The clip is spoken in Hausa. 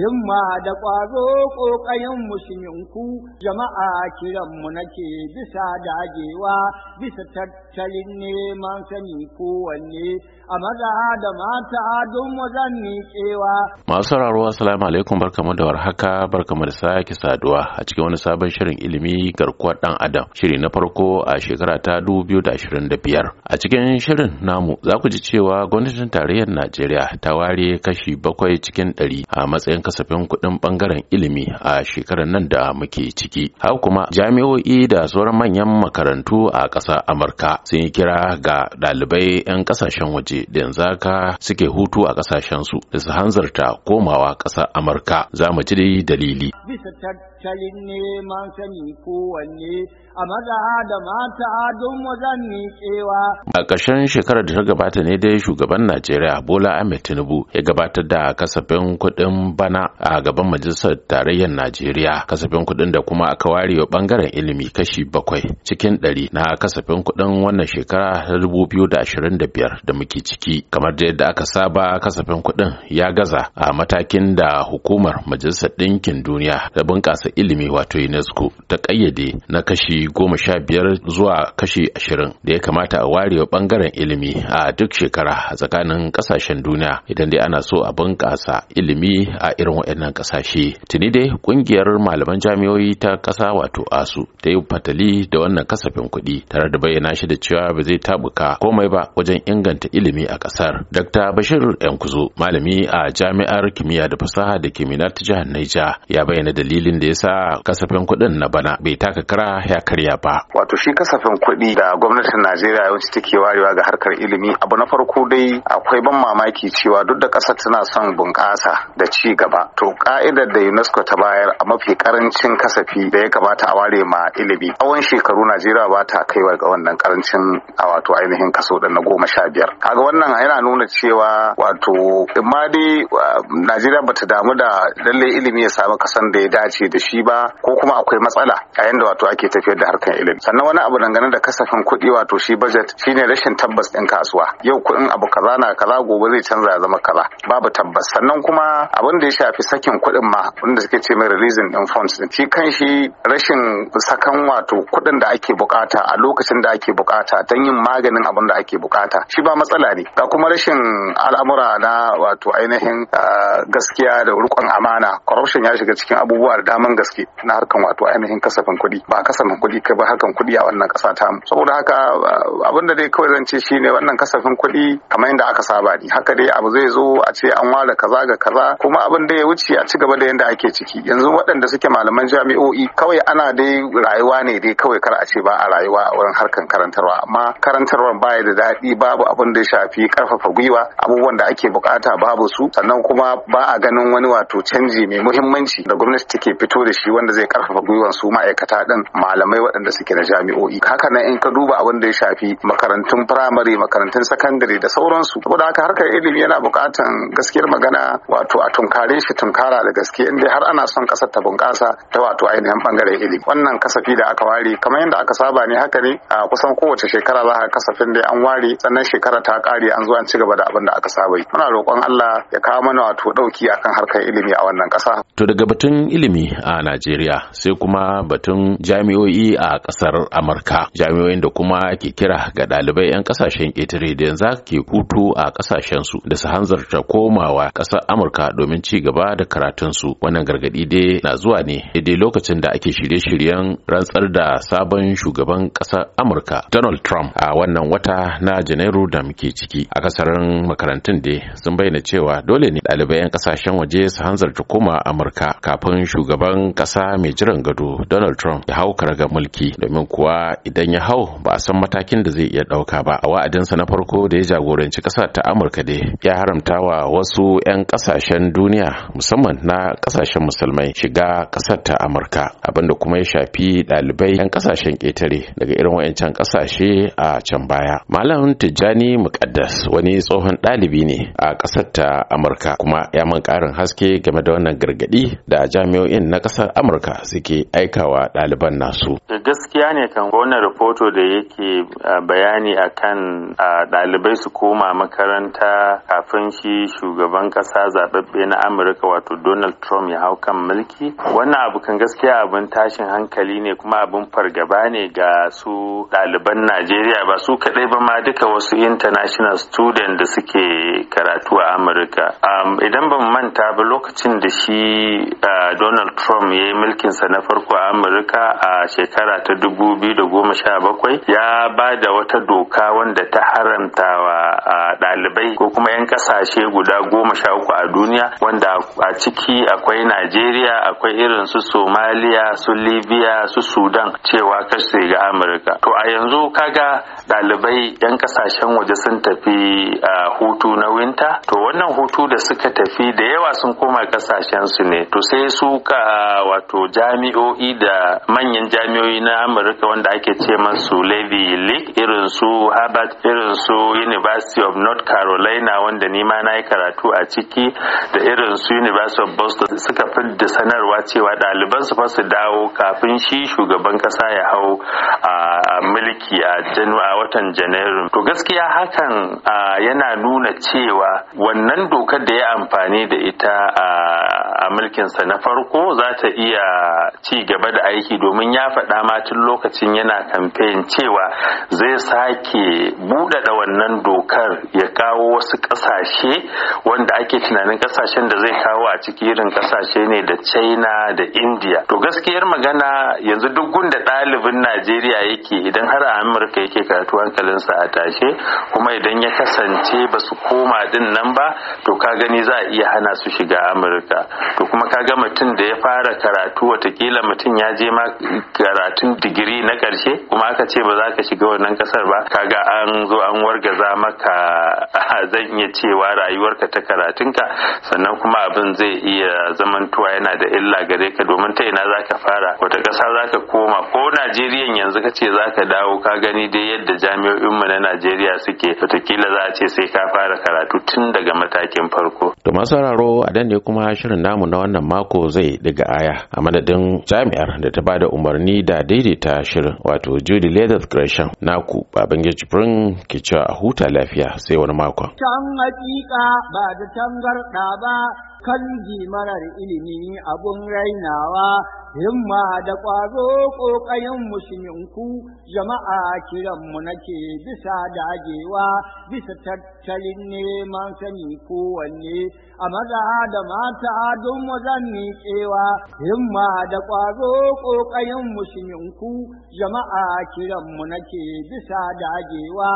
himma da ƙwazo ƙoƙayen musulminku jama'a kiranmu nake bisa dagewa bisa tattalin neman sani kowanne a maza da mata don wazan miƙewa. Masu sauraro assalamu alaikum barkamu da warhaka barkamu da sake saduwa a cikin wani sabon shirin ilimi garkuwar ɗan adam shiri na farko a shekara ta biyar. a cikin shirin namu za ku ji cewa gwamnatin tarayyar Najeriya ta ware kashi bakwai cikin ɗari a matsayin kasafin kuɗin ɓangaren ilimi a shekarar nan da muke ciki. har kuma jami'o'i da sauran manyan makarantu a ƙasar Amurka sun yi kira ga ɗalibai 'yan ƙasashen waje da yanzu ka suke hutu a ƙasashen su da su hanzarta komawa ƙasar Amurka. Za mu ji dalili. Bisa tattalin neman sani kowanne a maza da mata don wajen miƙewa. A ƙarshen shekarar da ta gabata ne dai shugaban Najeriya Bola Ahmed Tinubu ya gabatar da kasafin kuɗin bana rana a gaban majalisar tarayyar Najeriya kasafin kuɗin da kuma aka ware wa bangaren ilimi kashi bakwai cikin ɗari na kasafin kuɗin wannan shekara ta dubu da ashirin da biyar da muke ciki kamar da yadda aka saba kasafin kuɗin ya gaza a matakin da hukumar majalisar ɗinkin duniya da bunƙasa ilimi wato UNESCO ta ƙayyade na kashi goma sha biyar zuwa kashi ashirin da ya kamata a ware wa bangaren ilimi a duk shekara a tsakanin ƙasashen duniya idan dai ana so a bunƙasa ilimi a irin waɗannan ƙasashe tuni dai ƙungiyar malaman jami'o'i ta ƙasa wato asu ta yi fatali da wannan kasafin kuɗi tare da bayyana shi da cewa ba zai tabuka komai ba wajen inganta ilimi a ƙasar dr bashir yankuzo malami a jami'ar kimiyya da fasaha da kimiyya ta jihar naija ya bayyana dalilin da ya sa kasafin kuɗin na bana bai taka kara ya karya ba wato shi kasafin kuɗi da gwamnatin najeriya yawanci take warewa ga harkar ilimi abu na farko dai akwai ban mamaki cewa duk da ƙasar tana son bunƙasa da ci gaba ba to ka'idar da unesco ta bayar a mafi karancin kasafi da ya kamata a ware ma ilimi tsawon shekaru najeriya ba ta kaiwa ga wannan karancin a wato ainihin kaso na goma sha biyar kaga wannan yana nuna cewa wato ma dai najeriya ba ta damu da lalle ilimi ya samu kasan da ya dace da shi ba ko kuma akwai matsala a yanda wato ake tafiyar da harkar ilimi sannan wani abu dangane da kasafin kuɗi wato shi budget shine rashin tabbas ɗin kasuwa yau kuɗin abu kaza na kaza gobe zai canza ya zama kaza babu tabbas sannan kuma abin da ya shafi sakin kuɗin ma wanda suke ce mai releasing ɗin funds din shi kan shi rashin sakan wato kuɗin da ake bukata a lokacin da ake bukata don yin maganin abin da ake bukata shi ba matsala ne ga kuma rashin al'amura na wato ainihin ah, gaskiya da rukon amana corruption ya shiga cikin abubuwa da daman gaske na harkan wato ainihin kasafin kuɗi ba kasafin kuɗi kai ba harkan kuɗi a wannan ƙasa ta mu saboda haka ah, abin da dai kawai zan ce shine wannan kasafin kuɗi kamar yadda aka saba ne haka dai abu zai zo a ce an ware kaza ga kaza kuma abin wanda ya wuce a ci gaba da yadda ake ciki yanzu waɗanda suke malaman jami'o'i kawai ana da rayuwa ne dai kawai kar a ce ba a rayuwa a wurin harkan karantarwa amma karantarwar ya da daɗi babu abin da ya shafi karfafa gwiwa abubuwan da ake bukata babu su sannan kuma ba a ganin wani wato canji mai muhimmanci da gwamnati take fito da shi wanda zai karfafa gwiwan su ma'aikata ɗin malamai waɗanda suke na jami'o'i haka nan in ka duba abin da ya shafi makarantun firamare makarantun sakandare da sauransu saboda haka harkar ilimi yana bukatan gaskiyar magana wato a tunkari tunkare shi tunkara da gaske inda har ana son kasar ta bunƙasa ta wato ainihin bangaren ilimi wannan kasafi da aka ware kamar yadda aka saba ne haka ne a kusan kowace shekara za a kasafin da an ware sannan shekara ta ƙare an zo an ci gaba da abin da aka saba yi muna roƙon Allah ya kawo mana wato ɗauki akan harkar ilimi a wannan ƙasa. To daga batun ilimi a Najeriya sai kuma batun jami'o'i a ƙasar Amurka jami'o'in da kuma ke kira ga ɗalibai 'yan ƙasashen ƙetare da yanzu ke hutu a ƙasashen su da su hanzarta komawa ƙasar Amurka domin ci gaba da karatunsu wannan gargadi dai na zuwa ne daidai lokacin da ake shirye-shiryen rantsar da sabon shugaban ƙasar amurka donald trump a wannan wata na janairu da muke ciki a kasarin makarantun dai sun bayyana cewa dole ne ɗalibai 'yan ƙasashen waje su hanzarta koma amurka kafin shugaban ƙasa mai jiran gado donald trump ya hau karagar mulki domin kuwa idan ya hau ba a san matakin da zai iya ɗauka ba a wa'adinsa na farko da ya jagoranci ƙasa ta amurka dai ya haramta wa wasu 'yan ƙasashen duniya musamman na kasashen musulmai shiga kasar ta amurka abinda kuma ya shafi dalibai 'yan kasashen ƙetare daga irin wayancan kasashe a can baya malam tijjani mukaddas wani tsohon ɗalibi ne a kasar ta amurka kuma ya man ƙarin haske game da wannan gargaɗi da jami'o'in na kasar amurka suke aikawa ɗaliban nasu eh, gaskiya ne kan wannan rahoto da yake eh, bayani akan eh, ɗalibai su koma makaranta kafin shi shugaban ƙasa zaɓaɓɓe na amurka amurka wato donald trump ya hau kan mulki wannan abu kan gaskiya abin tashin hankali ne kuma abin fargaba ne ga su ɗaliban najeriya ba su kaɗai ba ma duka wasu international student da suke karatu a amurka idan ban manta ba lokacin da shi donald trump ya yi mulkinsa na farko a amurka a shekara ta 2017 ya ba da wata doka wanda ta haramta wa ɗalibai ko kuma 'yan ƙasashe guda goma sha uku a duniya wanda a ciki akwai najeriya akwai irin su somaliya su libya su sudan cewa kashe ga amurka to a yanzu kaga ɗalibai 'yan kasashen waje sun tafi hutu na winta to wannan hutu da suka tafi da yawa sun koma kasashen su ne to sai su ka wato jami'o'i da manyan jami'o'i na amurka wanda ake ce masu levy league irin su harvard irin su university of north carolina wanda nima na yi karatu a ciki da irin su University of Boston suka fidda sanarwa cewa ɗaliban su su dawo kafin shi shugaban kasa ya hau a mulki a watan Janairu. To gaskiya hakan yana nuna cewa wannan dokar da ya amfani da ita a mulkinsa na farko za ta iya ci gaba da aiki domin ya faɗa ma tun lokacin yana kamfen cewa zai sake buɗaɗa wannan dokar ya kawo wasu ƙasashe wanda ake tunanin ƙasashen da zai kawo a ciki irin kasashe ne da china da india to gaskiyar magana yanzu duk gunda ɗalibin najeriya yake idan har a amurka yake karatu hankalinsa a tashe kuma idan ya kasance ba su koma din nan ba to ka gani za a iya hana su shiga amurka to kuma ka ga mutum da ya fara karatu watakila mutum ya je ma karatun digiri na karshe kuma aka ce ba za ka shiga wannan kasar ba ka ga an zo an wargaza maka zan iya cewa rayuwarka ta karatunka sannan kuma abin zai iya zamantuwa yana da illa gare ka domin ta ina zaka fara wata ƙasa zaka koma ko Najeriya yanzu ka ce zaka dawo ka gani dai yadda jami'o'in mu na Najeriya suke wataƙila za a ce sai ka fara karatu tun daga matakin farko. To masu a dan ne kuma shirin namu na wannan mako zai daga aya a madadin jami'ar da ta bada umarni da daidaita shirin wato Judy Leather Gresham naku Babangida Brin ke cewa a huta lafiya sai wani makon. Can hakika ba da tangarɗa ba, kan marar ilimi abun rainawa, himma da ƙwazo ƙoƙarin musulunku jama'a kiranmu nake bisa dagewa bisa tattalin neman sani kowanne a maza da mata don wazan miƙewa himma da ƙwazo ƙoƙarin musulunku jama'a kiranmu nake bisa dagewa